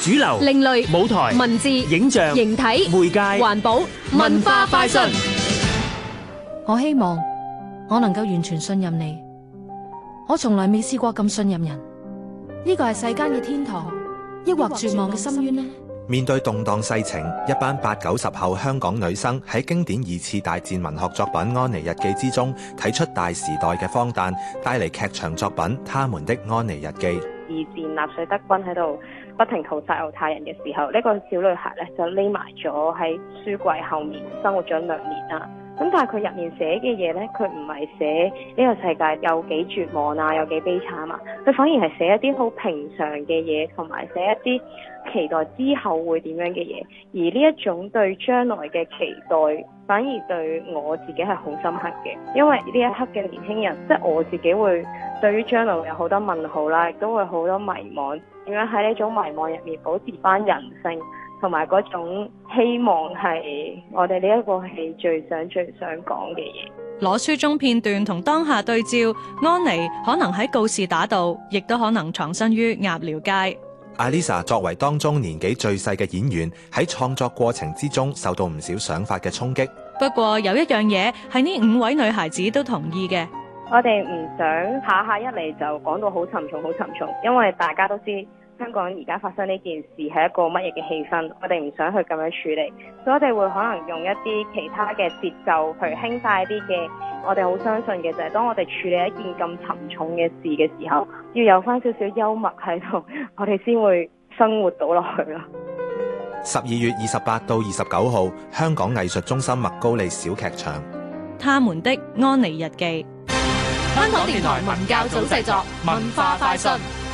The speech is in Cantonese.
主流、另類舞台、文字、影像、形體、媒介、環保、文化快訊。我希望我能夠完全信任你，我從來未試過咁信任人。呢個係世間嘅天堂，抑或絕望嘅深淵呢？面對動盪世情，一班八九十後香港女生喺經典二次大戰文學作品《安妮日記》之中，睇出大時代嘅荒誕，帶嚟劇場作品《他們的安妮日記》。二戰納粹德軍喺度不停屠殺猶太人嘅時候，呢、這個小女孩咧就匿埋咗喺書櫃後面，生活咗兩年啦。咁但係佢入面寫嘅嘢呢，佢唔係寫呢個世界有幾絕望啊，有幾悲慘啊，佢反而係寫一啲好平常嘅嘢，同埋寫一啲期待之後會點樣嘅嘢。而呢一種對將來嘅期待，反而對我自己係好深刻嘅，因為呢一刻嘅年輕人，即係我自己會對於將來有好多問號啦，亦都會好多迷茫。點樣喺呢種迷茫入面保持翻人性？同埋嗰種希望係我哋呢一個戲最想最想講嘅嘢。攞書中片段同當下對照，安妮可能喺告士打道，亦都可能藏身於鴨寮街。阿 Lisa 作為當中年紀最細嘅演員，喺創作過程之中受到唔少想法嘅衝擊。不過有一樣嘢係呢五位女孩子都同意嘅，我哋唔想下下一嚟就講到好沉重，好沉重，因為大家都知。香港而家發生呢件事係一個乜嘢嘅氣氛？我哋唔想去咁樣處理，所以我哋會可能用一啲其他嘅節奏去輕快啲嘅。我哋好相信嘅就係，當我哋處理一件咁沉重嘅事嘅時候，要有返少少幽默喺度，我哋先會生活到落去啦。十二月二十八到二十九號，香港藝術中心麥高利小劇場，《他們的安妮日記》。香港電台文教組製作文化快訊。